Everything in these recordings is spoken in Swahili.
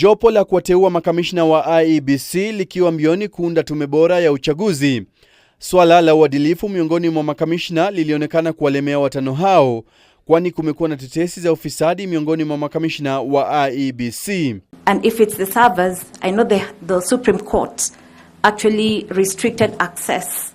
Jopo la kuwateua makamishna wa IEBC likiwa mbioni kuunda tume bora ya uchaguzi. Swala la uadilifu miongoni mwa makamishna lilionekana kuwalemea watano hao, kwani kumekuwa na tetesi za ufisadi miongoni mwa makamishna wa IEBC. And if it's the servers, I know the, the Supreme Court actually restricted access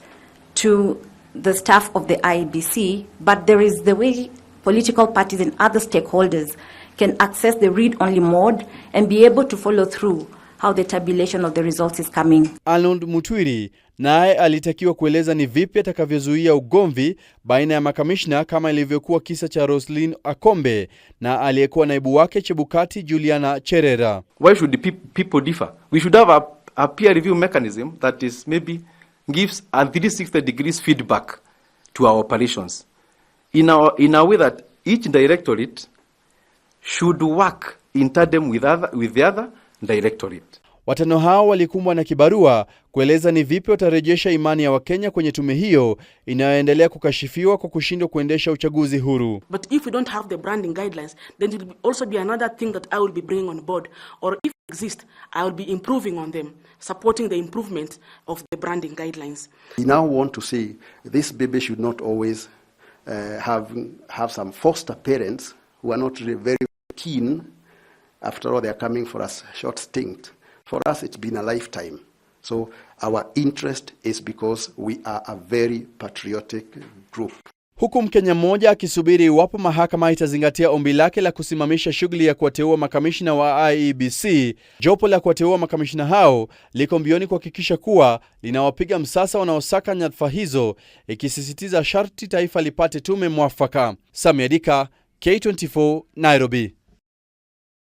to the staff of the IEBC, but there is the way political parties and other stakeholders can access the read-only mode and be able to follow through how the tabulation of the results is coming. Alund Mutwiri naye alitakiwa kueleza ni vipi atakavyozuia ugomvi baina ya makamishna kama ilivyokuwa kisa cha Roslyn Akombe na aliyekuwa naibu wake Chebukati Juliana Cherera. Why should the people differ? We should have a, a peer review mechanism that is maybe gives a 360 degrees feedback to our operations in, our, in a way that each directorate should work in tandem with, other, with the other directorate. Watano hao walikumbwa na kibarua kueleza ni vipi watarejesha imani ya Wakenya kwenye tume hiyo inayoendelea kukashifiwa kwa kushindwa kuendesha uchaguzi huru. But if we don't have the branding guidelines, then it will also be another thing that I will be bringing on board or if they exist, I will be improving on them, supporting the improvement of the branding guidelines. We now want to see this baby should not always uh, have, have some foster parents who are not very keen. After all, they are coming for us short stint. For us, it's been a lifetime. So our interest is because we are a very patriotic group. Huku Mkenya mmoja akisubiri iwapo mahakama itazingatia ombi lake la kusimamisha shughuli ya kuwateua makamishina wa IEBC. Jopo la kuwateua makamishina hao liko mbioni kuhakikisha kuwa linawapiga msasa wanaosaka nyadhifa hizo, ikisisitiza sharti taifa lipate tume mwafaka. Samia Dika, K24, Nairobi.